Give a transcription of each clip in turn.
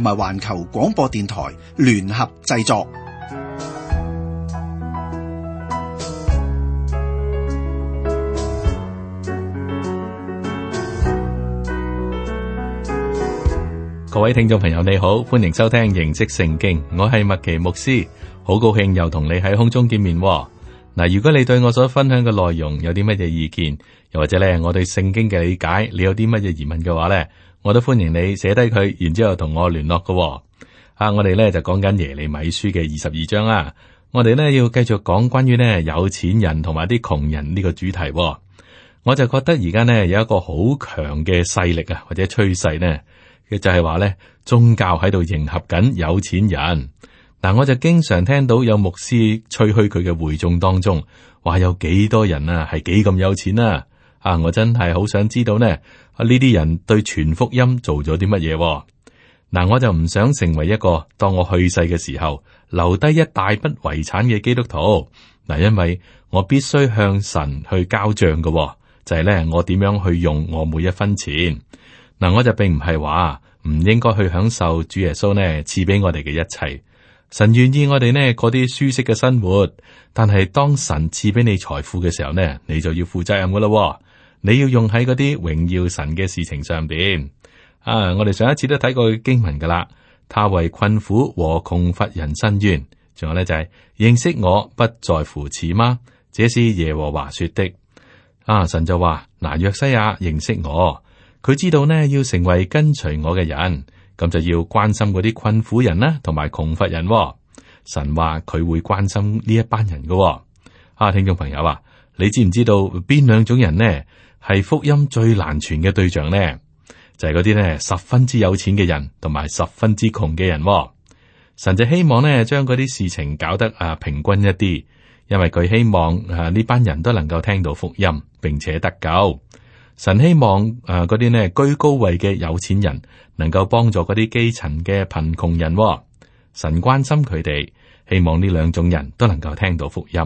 同埋環球廣播電台聯合製作。各位聽眾朋友，你好，歡迎收聽《認識聖經》，我係麥奇牧師，好高興又同你喺空中見面。嗱，如果你對我所分享嘅內容有啲乜嘢意見，又或者咧我對聖經嘅理解，你有啲乜嘢疑問嘅話咧？我都歡迎你寫低佢，然之後同我聯絡噶喎。啊，我哋咧就講緊耶利米書嘅二十二章喇。我哋咧要繼續講關於呢「有錢人同埋啲窮人」呢個主題喎。我就覺得而家呢有一個好強嘅勢力啊，或者趨勢呢，佢就係話咧宗教喺度迎合緊有錢人。但我就經常聽到有牧師吹噓佢嘅會眾當中，話有幾多人啊係幾咁有錢啊。啊，我真係好想知道呢。呢啲人對全福音做咗啲乜嘢？嗱，我就唔想成為一個當我去世嘅時候留低一大筆遺產嘅基督徒。嗱，因為我必須向神去交賬嘅，就係咧我點樣去用我每一分錢。嗱，我就並唔係話唔應該去享受主耶穌呢，賜俾我哋嘅一切。神願意我哋呢過啲舒適嘅生活，但係當神賜俾你財富嘅時候呢，你就要負責任噶啦。你要用喺嗰啲榮耀神嘅事情上邊啊！我哋上一次都睇過經文噶啦，他為困苦和窮乏人伸冤，仲有咧就係、是、認識我不在乎此嗎？這是耶和華說的啊！神就話：嗱，約西亞認識我，佢知道呢要成為跟隨我嘅人，咁就要關心嗰啲困苦人啦，同埋窮乏人、哦。神話佢會關心呢一班人噶、哦。啊，聽眾朋友啊，你知唔知道邊兩種人呢？係福音最難傳嘅對象呢，就係嗰啲呢十分之有錢嘅人，同埋十分之窮嘅人，哦。神就希望呢將嗰啲事情搞得啊平均一啲，因為佢希望啊呢班人都能夠聽到福音，並且得救。神希望啊嗰啲呢居高位嘅有錢人，能夠幫助嗰啲基層嘅貧窮人，哦。神關心佢哋，希望呢兩種人都能夠聽到福音。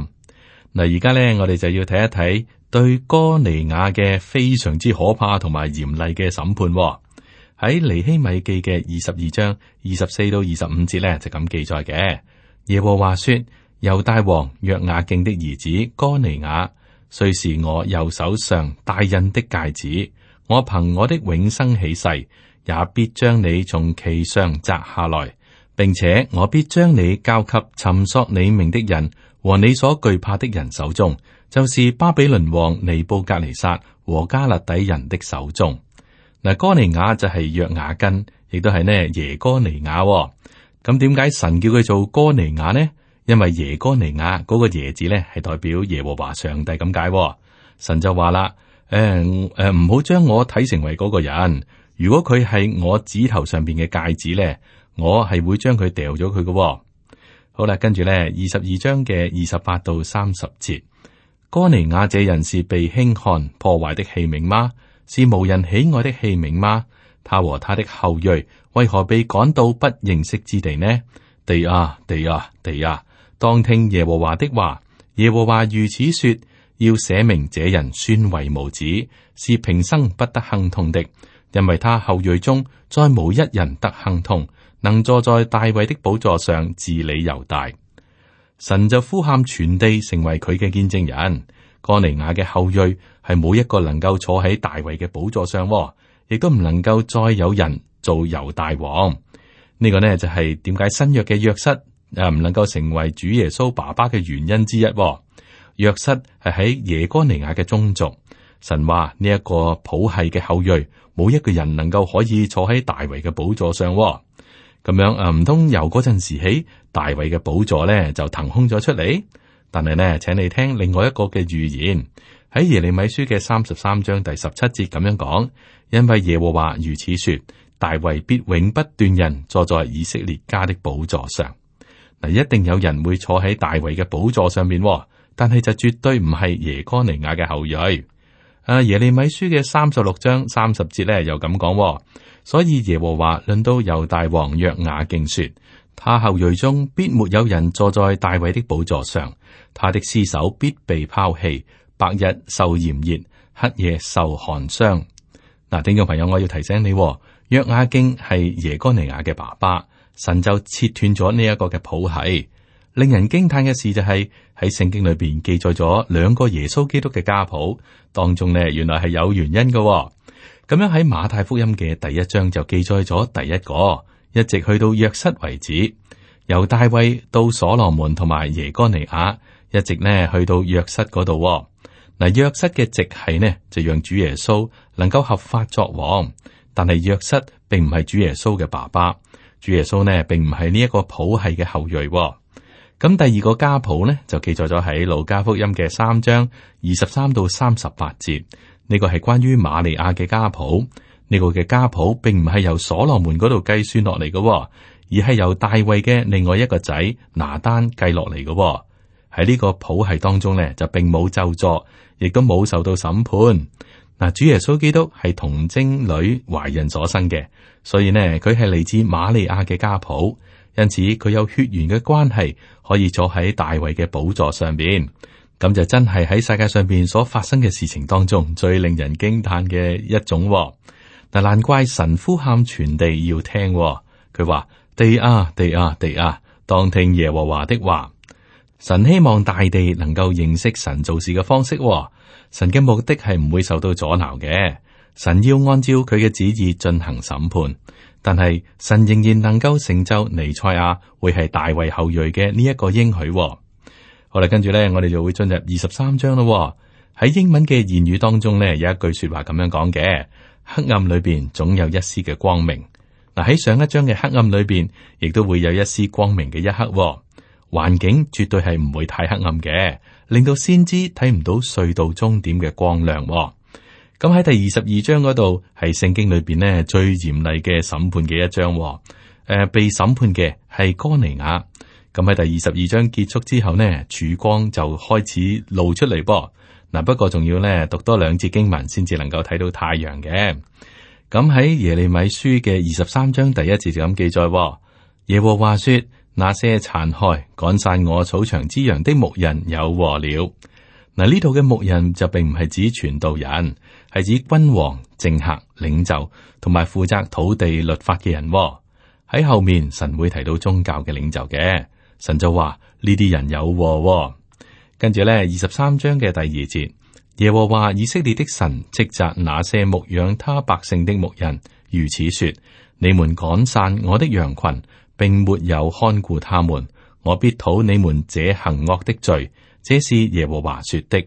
嗱，而家呢，我哋就要睇一睇。對哥尼雅嘅非常之可怕同埋嚴厲嘅審判、哦，喺尼希米記嘅二十二章二十四到二十五節呢，就咁記載嘅。耶和華說：猶大王約雅敬的兒子哥尼雅，雖是我右手上戴印的戒指，我憑我的永生起誓，也必將你從其上摘下來，並且我必將你交給尋索你命的人和你所懼怕的人手中。就是巴比倫王尼布格尼撒和加勒底人的手中嗱。哥尼雅就係約雅根，亦都係呢耶哥尼雅。咁點解神叫佢做哥尼雅呢？因為耶哥尼雅嗰個耶字咧係代表耶和華上帝咁解。神就話啦：誒、呃、誒，唔好將我睇成為嗰個人。如果佢係我指頭上邊嘅戒指咧，我係會將佢掉咗佢嘅。好啦，跟住咧二十二章嘅二十八到三十節。哥尼雅這人是被輕看破壞的器皿嗎？是無人喜愛的器皿嗎？他和他的後裔為何被趕到不認識之地呢？地啊地啊地啊！當聽耶和華的話，耶和華如此說：要寫明這人算為無子，是平生不得亨通的，因為他後裔中再無一人得亨通，能坐在大衛的寶座上治理猶大。神就呼喊全地成為佢嘅見證人，哥尼雅嘅後裔係冇一個能夠坐喺大衛嘅寶座上，亦都唔能夠再有人做猶大王。呢、這個呢，就係點解新約嘅約瑟誒唔能夠成為主耶穌爸爸嘅原因之一。約瑟係喺耶哥尼雅嘅宗族，神話呢一個譜系嘅後裔冇一個人能夠可以坐喺大衛嘅寶座上。咁樣啊，唔通由嗰陣時起，大衛嘅寶座咧就騰空咗出嚟？但係呢，請你聽另外一個嘅預言，喺耶利米書嘅三十三章第十七節咁樣講：因為耶和華如此說，大衛必永不斷人坐，坐在以色列家的寶座上。嗱，一定有人會坐喺大衛嘅寶座上面，但係就絕對唔係耶哥尼雅嘅後裔。啊，耶利米書嘅三十六章三十節咧又咁講。所以耶和華論到猶大王約雅敬說，他後裔中必沒有人坐在大衛的寶座上，他的屍首必被拋棄，白日受炎熱，黑夜受寒霜。嗱、啊，聽眾朋友，我要提醒你，約雅敬係耶哥尼亞嘅爸爸，神就切斷咗呢一個嘅譜系。令人驚嘆嘅事就係喺聖經裏邊記載咗兩個耶穌基督嘅家譜當中呢，原來係有原因嘅、哦。咁樣喺馬太福音嘅第一章就記載咗第一個，一直去到約瑟為止，由大衛到所羅門同埋耶哥尼雅，一直呢去到約瑟嗰度。嗱，約瑟嘅直係呢，就讓主耶穌能夠合法作王，但係約瑟並唔係主耶穌嘅爸爸，主耶穌呢並唔係呢一個譜系嘅後裔。咁第二個家譜呢，就記載咗喺路加福音嘅三章二十三到三十八節。呢個係關於瑪利亞嘅家譜，呢個嘅家譜並唔係由所羅門嗰度計算落嚟嘅，而係由大衛嘅另外一個仔拿單計落嚟嘅。喺呢個譜系當中呢，就並冇就作，亦都冇受到審判。嗱，主耶穌基督係童貞女懷孕所生嘅，所以呢，佢係嚟自瑪利亞嘅家譜，因此佢有血緣嘅關係，可以坐喺大衛嘅寶座上邊。咁就真係喺世界上邊所發生嘅事情當中最令人驚嘆嘅一種，哦，但難怪神呼喊全地要聽，哦，佢話地啊地啊地啊，當聽耶和華的話。神希望大地能夠認識神做事嘅方式，哦，神嘅目的係唔會受到阻撓嘅，神要按照佢嘅旨意進行審判，但係神仍然能夠成就尼賽亞會係大衛後裔嘅呢一個應許，哦。好啦，跟住咧，我哋就會進入二十三章咯、哦。喺英文嘅言語當中咧，有一句話說話咁樣講嘅：黑暗裏邊總有一絲嘅光明。嗱，喺上一章嘅黑暗裏邊，亦都會有一絲光明嘅一刻、哦。環境絕對係唔會太黑暗嘅，令到先知睇唔到隧道終點嘅光亮、哦。咁喺第二十二章嗰度，係聖經裏邊呢最嚴厲嘅審判嘅一章、哦。誒、呃，被審判嘅係哥尼雅。咁喺第二十二章結束之後呢，曙光就開始露出嚟噃。嗱，不過仲要咧讀多兩節經文，先至能夠睇到太陽嘅。咁喺耶利米書嘅二十三章第一節就咁記載：耶和華說，那些殘害趕散我草場之羊的牧人有禍了。嗱，呢度嘅牧人就並唔係指傳道人，係指君王、政客、領袖同埋負責土地律法嘅人喎。喺後面神會提到宗教嘅領袖嘅。神就話呢啲人有禍喎。跟住咧，二十三章嘅第二節，耶和華以色列的神斥責那些牧養他百姓的牧人，如此說：你們趕散我的羊群，並沒有看顧他們，我必討你們這行惡的罪。這是耶和華說的。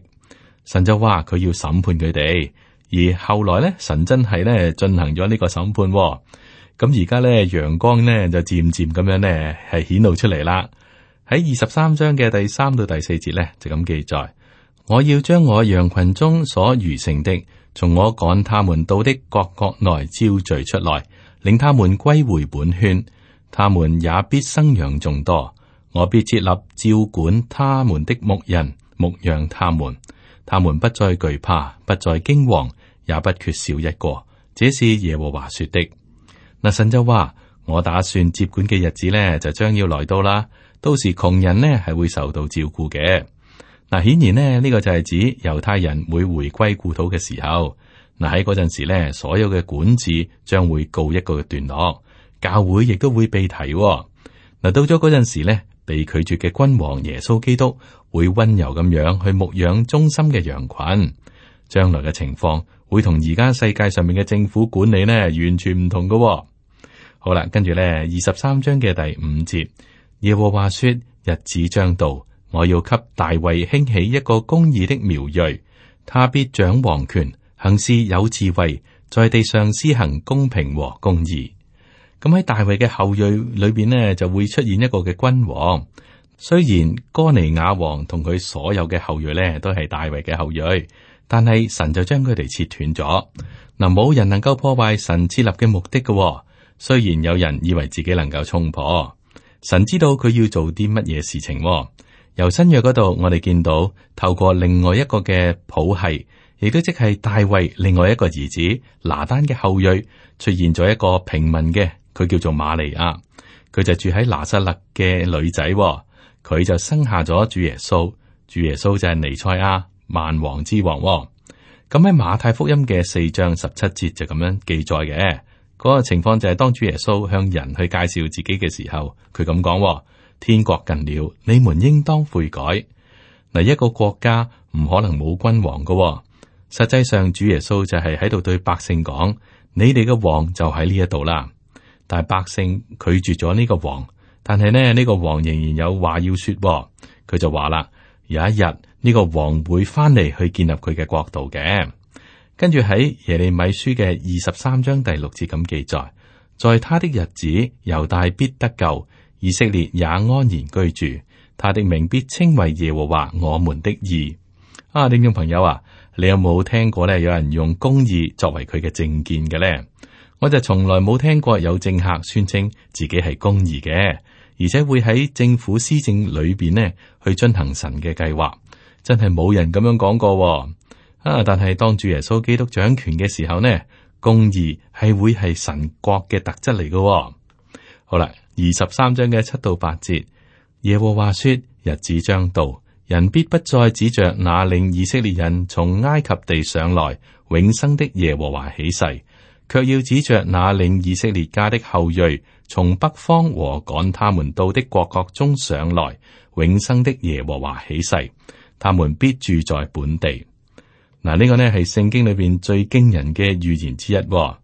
神就話佢要審判佢哋。而後來咧，神真係咧進行咗呢個審判喎。咁而家咧，陽光咧就漸漸咁樣咧係顯露出嚟啦。喺二十三章嘅第三到第四節呢，就咁記載：我要將我羊群中所餘剩的，從我趕他們到的各國內招聚出來，領他們歸回本圈，他們也必生養眾多。我必設立照管他們的牧人，牧養他們，他們不再懼怕，不再驚惶，也不缺少一個。這是耶和華說的。那神就話：我打算接管嘅日子呢，就將要來到啦。到時窮人呢，係會受到照顧嘅。嗱，顯然咧呢個就係指猶太人會回歸故土嘅時候。嗱，喺嗰陣時咧，所有嘅管治將會告一個段落，教會亦都會被提。嗱，到咗嗰陣時咧，被拒絕嘅君王耶穌基督會温柔咁樣去牧養忠心嘅羊群。將來嘅情況會同而家世界上面嘅政府管理呢完全唔同㗎喎。好啦，跟住咧二十三章嘅第五節。耶和華說：日子將到，我要給大衛興起一個公義的苗裔，他必掌王權，行事有智慧，在地上施行公平和公義。咁喺大衛嘅後裔裏邊呢，就會出現一個嘅君王。雖然哥尼雅王同佢所有嘅後裔呢，都係大衛嘅後裔，但係神就將佢哋切斷咗。嗱，冇人能夠破壞神設立嘅目的嘅。雖然有人以為自己能夠衝破。神知道佢要做啲乜嘢事情、哦。由新約嗰度，我哋見到透過另外一個嘅譜系，亦都即係大衛另外一個兒子拿單嘅後裔出現咗一個平民嘅，佢叫做瑪利亞。佢就住喺拿撒勒嘅女仔，哦，佢就生下咗主耶穌。主耶穌就係彌賽亞、萬王之王、哦。咁喺馬太福音嘅四章十七節就咁樣記載嘅。嗰個情況就係當主耶穌向人去介紹自己嘅時候，佢咁講：天國近了，你們應當悔改。嗱，一個國家唔可能冇君王噶、哦。實際上，主耶穌就係喺度對百姓講：你哋嘅王就喺呢一度啦。但係百姓拒絕咗呢個王，但係呢，呢個王仍然有話要說、哦，佢就話啦：有一日呢個王會翻嚟，去建立佢嘅國度嘅。跟住喺耶利米書嘅二十三章第六節咁記載，在他的日子，猶大必得救，以色列也安然居住。他的名必稱為耶和華我們的義。啊，聽眾朋友啊，你有冇聽過咧？有人用公義作為佢嘅政見嘅呢？我就從來冇聽過有政客宣稱自己係公義嘅，而且會喺政府施政裏邊咧去進行神嘅計劃，真係冇人咁樣講過哦。啊、但係當住耶穌基督掌權嘅時候呢，公義係會係神國嘅特質嚟㗎。好啦，二十三章嘅七到八節，耶和華說：日子將到，人必不再指着那領以色列人從埃及地上來永生的耶和華起誓，卻要指着那領以色列家的後裔從北方和趕他們到的國國中上來永生的耶和華起誓，他們必住在本地。嗱，呢個呢係聖經裏邊最驚人嘅預言之一、哦。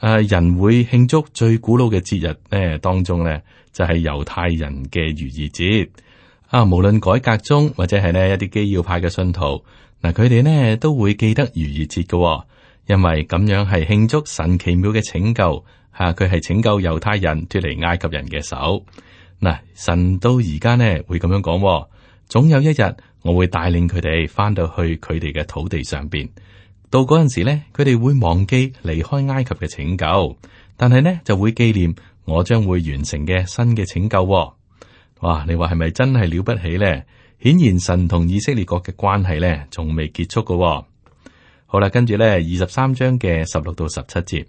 誒，人會慶祝最古老嘅節日呢，當中呢就係、是、猶太人嘅逾越節。啊，無論改革宗或者係呢一啲基要派嘅信徒，嗱、啊，佢哋呢都會記得逾越節嘅、哦，因為咁樣係慶祝神奇妙嘅拯救。吓、啊，佢係拯救猶太人脱離埃及人嘅手。嗱、啊，神到而家咧會咁樣講、哦，總有一日。我會帶領佢哋翻到去佢哋嘅土地上邊。到嗰陣時呢，佢哋會忘記離開埃及嘅拯救，但係呢，就會紀念我將會完成嘅新嘅拯救哦。哇！你話係咪真係了不起呢？顯然神同以色列國嘅關係呢，從未結束噶哦。好啦，跟住呢，二十三章嘅十六到十七節，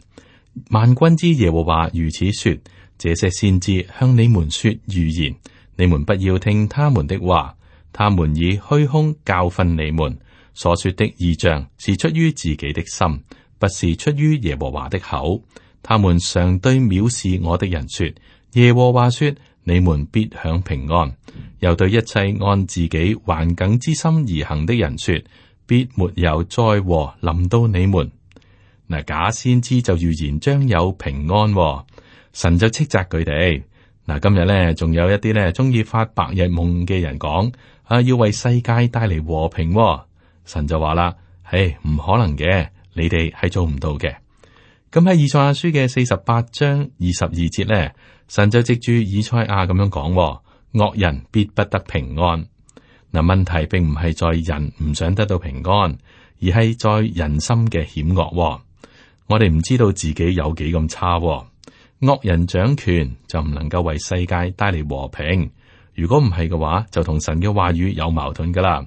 萬軍之耶和華如此說：這些先知向你們說預言，你們不要聽他們的話。他們以虛空教訓你們，所說的異象是出於自己的心，不是出於耶和華的口。他們常對藐視我的人說：耶和華說，你們必享平安；又對一切按自己環境之心而行的人說，必沒有災禍臨到你們。那假先知就預言將有平安，哦，神就斥責佢哋。嗱，今日咧仲有一啲咧中意發白日夢嘅人講，啊，要為世界帶嚟和平喎，神就話啦，唉，唔可能嘅，你哋係做唔到嘅。咁喺以賽亞書嘅四十八章二十二節咧，神就藉住以賽亞咁樣講喎，惡人必不得平安。嗱，問題並唔係在人唔想得到平安，而係在人心嘅險惡。我哋唔知道自己有幾咁差喎。惡人掌權就唔能夠為世界帶嚟和平。如果唔係嘅話，就同神嘅話語有矛盾噶啦。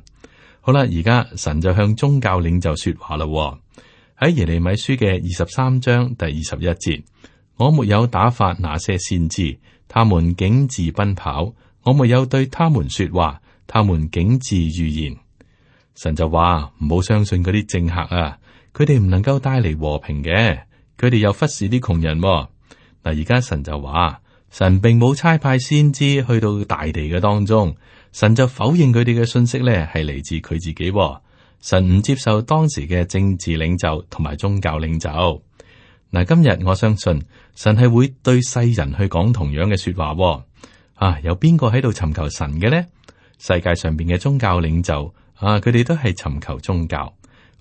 好啦，而家神就向宗教領袖說話啦、哦。喺耶利米書嘅二十三章第二十一節，我沒有打發那些先知，他們竟自奔跑；我沒有對他們說話，他們竟自預言。神就話唔好相信嗰啲政客啊，佢哋唔能夠帶嚟和平嘅，佢哋又忽視啲窮人、啊。而家神就話：神並冇差派先知去到大地嘅當中，神就否認佢哋嘅信息咧係嚟自佢自己，哦。神唔接受當時嘅政治領袖同埋宗教領袖。嗱，今日我相信神係會對世人去講同樣嘅說話，哦。啊，有邊個喺度尋求神嘅呢？世界上邊嘅宗教領袖啊，佢哋都係尋求宗教。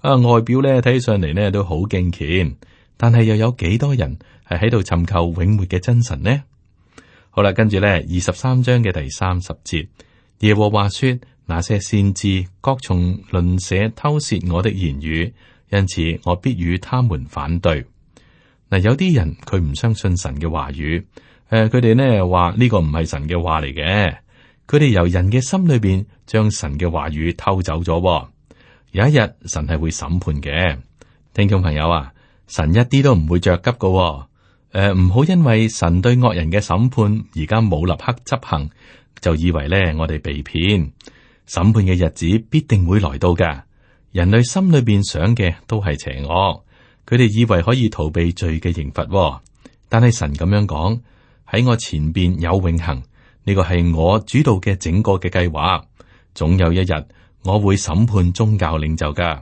啊，外表咧睇起上嚟呢都好敬虔，但係又有幾多人？係喺度尋求永活嘅真神呢？好啦，跟住咧二十三章嘅第三十節，耶和華說：那些先知各從鄰舍偷竊我的言語，因此我必與他們反對。嗱，有啲人佢唔相信神嘅話語，誒、呃，佢哋呢話呢個唔係神嘅話嚟嘅，佢哋由人嘅心裏邊將神嘅話語偷走咗、哦。有一日神係會審判嘅，聽眾朋友啊，神一啲都唔會着急噶、哦。誒，唔、呃、好，因為神對惡人嘅審判而家冇立刻執行，就以為咧我哋被騙。審判嘅日子必定會來到嘅。人類心裏邊想嘅都係邪惡，佢哋以為可以逃避罪嘅刑罰、哦。但係神咁樣講，喺我前邊有永恒呢，呢個係我主導嘅整個嘅計劃。總有一日我會審判宗教領袖噶。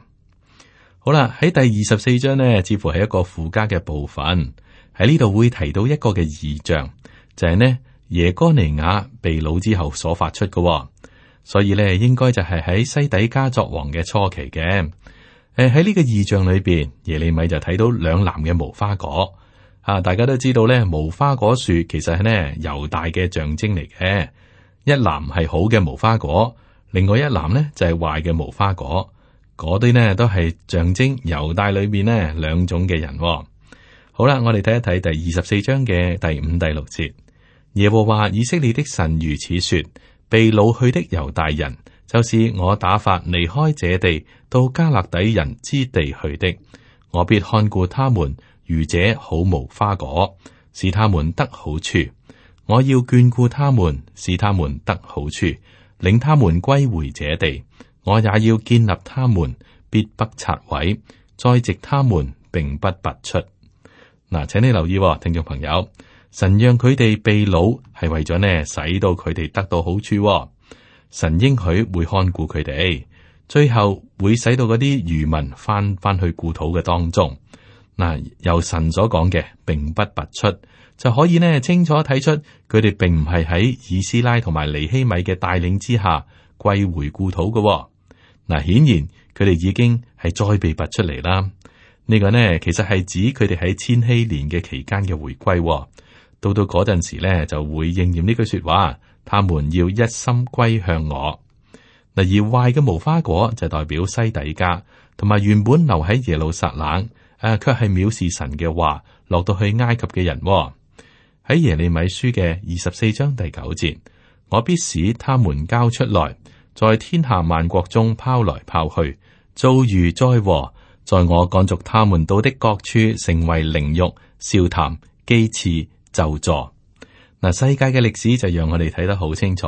好啦，喺第二十四章呢，似乎係一個附加嘅部分。喺呢度會提到一個嘅異象，就係、是、呢耶哥尼雅被擄之後所發出嘅、哦，所以咧應該就係喺西底家作王嘅初期嘅。誒喺呢個異象裏邊，耶利米就睇到兩籃嘅無花果，啊大家都知道咧，無花果樹其實係呢猶大嘅象徵嚟嘅，一籃係好嘅無花果，另外一籃呢就係壞嘅無花果，嗰啲呢都係象徵猶大裏面呢兩種嘅人、哦。好啦，我哋睇一睇第二十四章嘅第五、第六節。耶和華以色列的神如此說：被老去的猶大人，就是我打發離開這地到迦勒底人之地去的，我必看顧他們。如這好無花果，使他們得好處。我要眷顧他們，使他們得好處，領他們歸回這地。我也要建立他們，必不拆毀；再植他們，並不拔出。嗱，請你留意，聽眾朋友，神讓佢哋被擄，係為咗呢，使到佢哋得到好處。神應許會看顧佢哋，最後會使到嗰啲餘民翻翻去故土嘅當中。嗱，由神所講嘅，並不拔出，就可以呢清楚睇出佢哋並唔係喺以斯拉同埋尼希米嘅帶領之下歸回故土嘅。嗱，顯然佢哋已經係再被拔出嚟啦。呢個呢，其實係指佢哋喺千禧年嘅期間嘅回歸、哦，到到嗰陣時呢，就會應驗呢句說話，他們要一心歸向我。嗱，而壞嘅無花果就代表西底家，同埋原本留喺耶路撒冷，誒、啊，卻係藐視神嘅話，落到去埃及嘅人，哦。喺耶利米書嘅二十四章第九節，我必使他們交出來，在天下萬國中拋來拋去，遭遇災禍，在我趕逐他們到的各處，成為凌辱、笑談、譏刺、咒詛。嗱，世界嘅歷史就讓我哋睇得好清楚。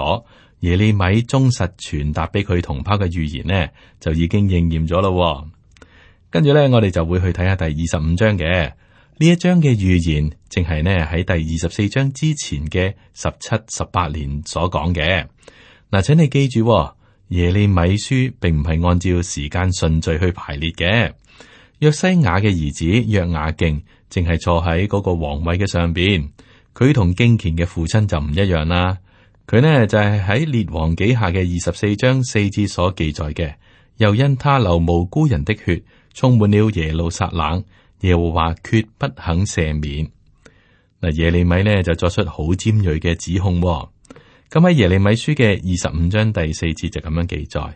耶利米忠實傳達俾佢同胞嘅預言呢，就已經應驗咗咯。跟住咧，我哋就會去睇下第二十五章嘅呢一章嘅預言正，正係呢喺第二十四章之前嘅十七、十八年所講嘅。嗱，請你記住，耶利米書並唔係按照時間順序去排列嘅。約西亞嘅兒子約雅敬，淨係坐喺嗰個皇位嘅上邊。佢同敬虔嘅父親就唔一樣啦。佢呢就係、是、喺列王紀下嘅二十四章四節所記載嘅。又因他流無辜人的血，充滿了耶路撒冷。耶和華決不肯赦免。嗱，耶利米呢就作出好尖銳嘅指控、哦。咁喺耶利米書嘅二十五章第四節就咁樣記載：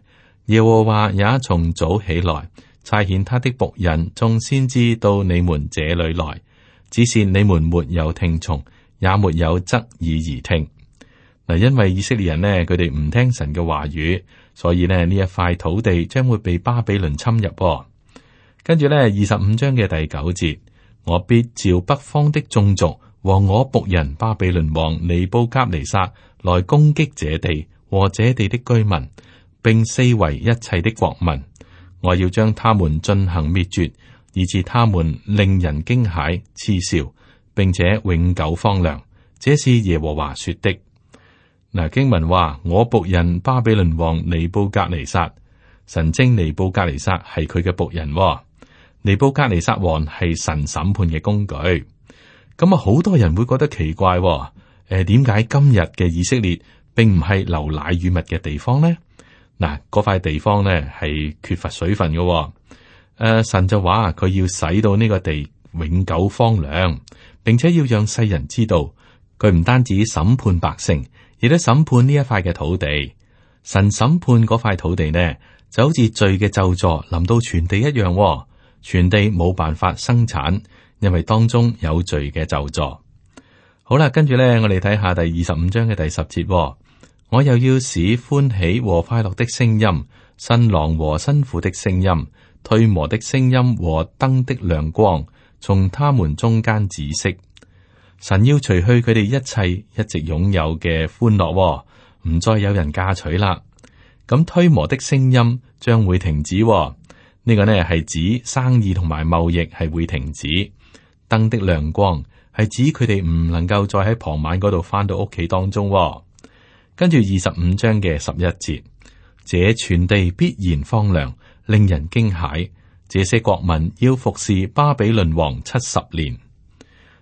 耶和華也從早起來。差遣他的僕人，眾先知到你們這裏來，只是你們沒有聽從，也沒有側耳而聽。嗱，因為以色列人呢，佢哋唔聽神嘅話語，所以呢，呢一塊土地將會被巴比倫侵入。噃，跟住呢，二十五章嘅第九節，我必召北方的眾族和我僕人巴比倫王尼布甲尼撒來攻擊這地和這地的居民，並四圍一切的國民。我要將他們進行滅絕，以致他們令人驚駭、嗤笑，並且永久荒涼。這是耶和華說的。嗱，經文話我僕人巴比倫王尼布格尼撒，神精尼布格尼撒係佢嘅僕人、哦。尼布格尼撒王係神審判嘅工具。咁啊，好多人會覺得奇怪、哦。誒，點解今日嘅以色列並唔係流奶與蜜嘅地方呢？嗱，嗰塊、啊、地方咧係缺乏水分嘅、哦，誒、啊，神就話佢要使到呢個地永久荒涼，並且要讓世人知道，佢唔單止審判百姓，亦都審判呢一塊嘅土地。神審判嗰塊土地呢，就好似罪嘅咒詛臨到全地一樣、哦，全地冇辦法生產，因為當中有罪嘅咒詛。好啦，跟住咧，我哋睇下第二十五章嘅第十節、哦。我又要使歡喜和快樂的聲音、新郎和新婦的聲音、推磨的聲音和燈的亮光，從他們中間止息。神要除去佢哋一切一直擁有嘅歡樂、哦，唔再有人嫁娶啦。咁推磨的聲音將會停止、哦、呢、這個呢係指生意同埋貿易係會停止。燈的亮光係指佢哋唔能夠再喺傍晚嗰度翻到屋企當中、哦。跟住二十五章嘅十一節，這全地必然荒涼，令人驚駭。這些國民要服侍巴比倫王七十年。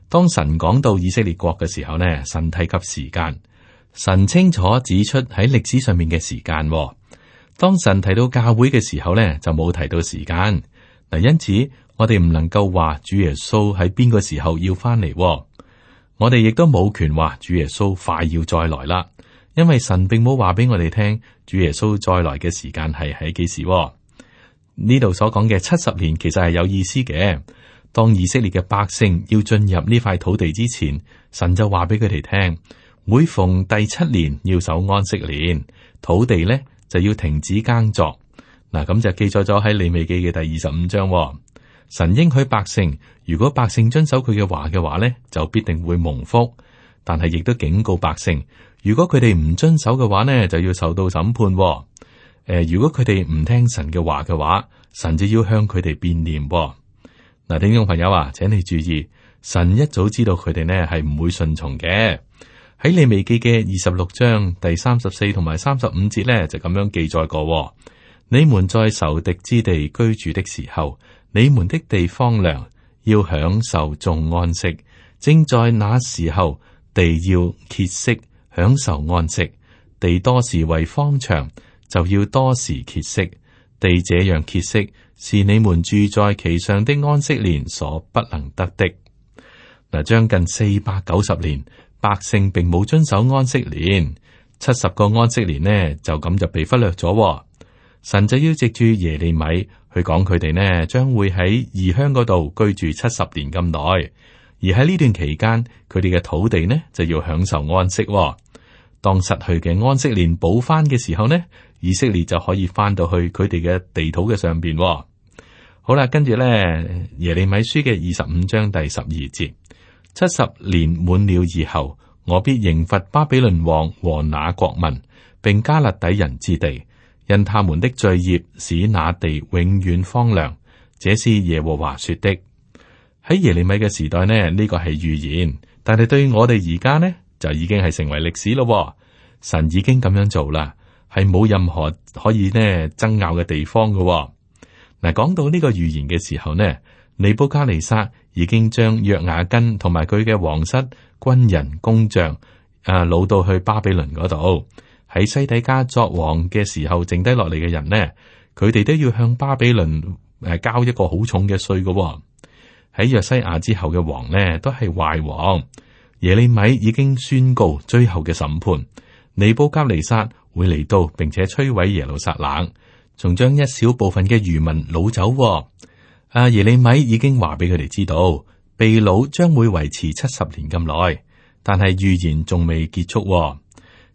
當神講到以色列國嘅時候呢，神提及時間，神清楚指出喺歷史上面嘅時間。當神提到教會嘅時候呢就冇提到時間嗱。因此，我哋唔能夠話主耶穌喺邊個時候要翻嚟，我哋亦都冇權話主耶穌快要再來啦。因為神並冇話俾我哋聽，主耶穌再來嘅時間係喺幾時呢？呢度所講嘅七十年其實係有意思嘅。當以色列嘅百姓要進入呢塊土地之前，神就話俾佢哋聽，每逢第七年要守安息年，土地呢就要停止耕作。嗱，咁就記載咗喺利未記嘅第二十五章。神應許百姓，如果百姓遵守佢嘅話嘅話呢，就必定會蒙福，但係亦都警告百姓。如果佢哋唔遵守嘅話呢，就要受到審判、哦。誒、呃，如果佢哋唔聽神嘅話嘅話，神就要向佢哋變念。嗱，聽眾朋友啊，請你注意，神一早知道佢哋呢，係唔會順從嘅。喺你未記利未記嘅二十六章第三十四同埋三十五節呢，就咁樣記載過、哦。你們在仇敵之地居住的時候，你們的地荒涼，要享受眾安息。正在那時候，地要歇息。享受安息。地多時為荒場，就要多時歇息。地這樣歇息，是你們住在其上的安息年所不能得的。嗱，將近四百九十年，百姓並冇遵守安息年，七十個安息年呢，就咁就被忽略咗。神就要藉住耶利米去講，佢哋呢將會喺異鄉嗰度居住七十年咁耐，而喺呢段期間，佢哋嘅土地呢就要享受安息、哦。當失去嘅安息年補翻嘅時候呢，以色列就可以翻到去佢哋嘅地土嘅上邊。好啦，跟住咧耶利米書嘅二十五章第十二節，七十年滿了以後，我必刑罰巴比倫王和那國民，並加勒底人之地，因他們的罪孽使那地永遠荒涼。這是耶和華說的。喺耶利米嘅時代呢，呢、呢個係預言，但係對我哋而家呢？就已經係成為歷史咯，哦，神已經咁樣做啦，係冇任何可以呢爭拗嘅地方嘅，哦。嗱，講到呢個預言嘅時候呢，尼布加尼撒已經將約雅斤同埋佢嘅皇室、軍人、工匠，誒老到去巴比倫嗰度。喺西底家作王嘅時候剩，剩低落嚟嘅人呢，佢哋都要向巴比倫誒交一個好重嘅稅嘅。喺約西亞之後嘅王呢，都係壞王。耶利米已經宣告最後嘅審判，尼布甲尼撒會嚟到，並且摧毀耶路撒冷，仲將一小部分嘅漁民擄走。阿、啊、耶利米已經話俾佢哋知道，被擄將會維持七十年咁耐，但係預言仲未結束。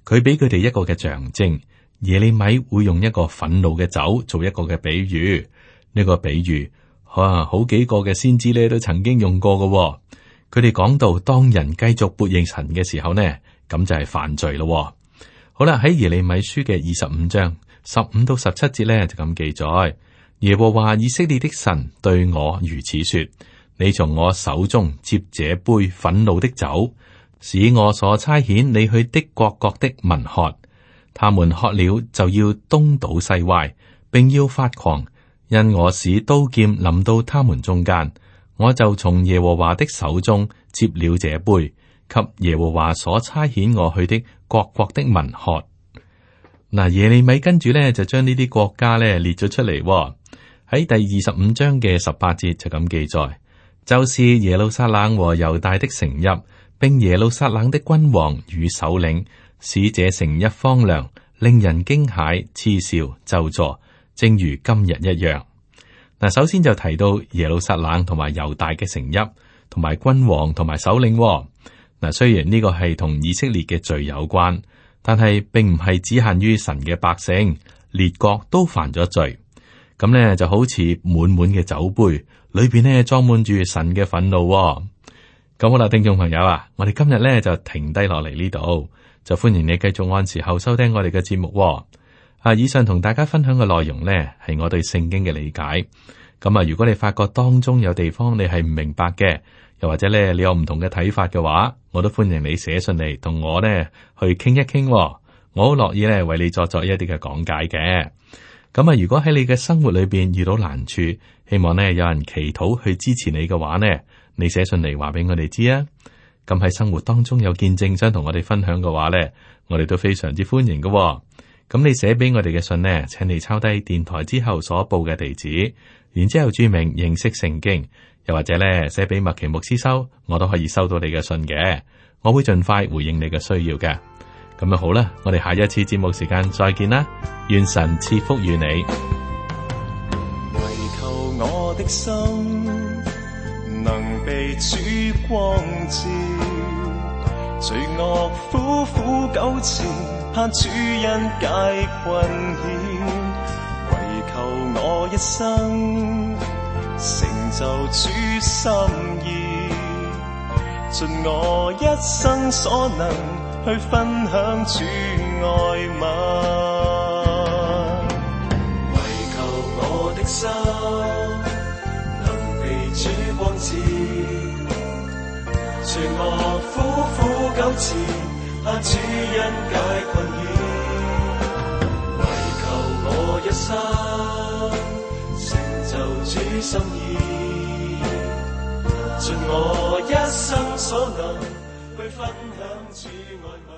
佢俾佢哋一個嘅象徵，耶利米會用一個憤怒嘅酒做一個嘅比喻。呢、這個比喻，哇、啊，好幾個嘅先知咧都曾經用過噶。佢哋講到，當人繼續悖逆神嘅時候呢，咁就係犯罪咯。好啦，喺耶利米書嘅二十五章十五到十七節呢，就咁記載：耶和華以色列的神對我如此說：你從我手中接這杯憤怒的酒，使我所差遣你去的各國的民喝，他們喝了就要東倒西歪，並要發狂，因我使刀劍臨到他們中間。我就從耶和華的手中接了這杯，給耶和華所差遣我去的各國的民喝。嗱、啊，耶利米跟住呢，就將呢啲國家列咗出嚟喎、哦。喺第二十五章嘅十八節就咁記載，就是耶路撒冷和猶大的城邑，並耶路撒冷的君王與首領，使這城邑荒涼，令人驚駭、嗤笑、咒詛，正如今日一樣。嗱，首先就提到耶路撒冷同埋猶大嘅城邑，同埋君王同埋首領，哦。嗱，雖然呢個係同以色列嘅罪有關，但係並唔係只限於神嘅百姓，列國都犯咗罪。咁咧就好似滿滿嘅酒杯，裏邊咧裝滿住神嘅憤怒，哦。咁好啦，聽眾朋友啊，我哋今日咧就停低落嚟，呢度，就歡迎你繼續按時候收聽我哋嘅節目，哦。啊！以上同大家分享嘅內容呢，係我對聖經嘅理解。咁啊，如果你發覺當中有地方你係唔明白嘅，又或者咧你有唔同嘅睇法嘅話，我都歡迎你寫信嚟同我呢去傾一傾。我好樂意咧為你作作一啲嘅講解嘅。咁啊，如果喺你嘅生活裏邊遇到難處，希望呢有人祈禱去支持你嘅話呢，你寫信嚟話俾我哋知啊。咁喺生活當中有見證想同我哋分享嘅話呢，我哋都非常之歡迎嘅。咁你寫俾我哋嘅信呢，請你抄低電台之後所報嘅地址，然之後注明認識聖經，又或者咧寫俾麥奇牧師收，我都可以收到你嘅信嘅，我會盡快回應你嘅需要嘅。咁啊好啦，我哋下一次節目時間再見啦，願神賜福與你。為求我的心能被曙光照。罪惡苦苦糾纏，盼主恩解困險，唯求我一生成就主心意，盡我一生所能去分享主愛物唯求我的心能被主光照。全我苦苦糾纏，啊主恩解困難，為求我一生成就主心意，盡我一生所能去分享主愛。